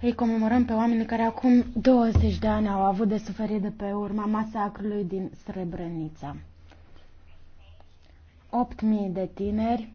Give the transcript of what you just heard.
Îi comemorăm pe oamenii care acum 20 de ani au avut de suferit de pe urma masacrului din Srebrenica. 8.000 de tineri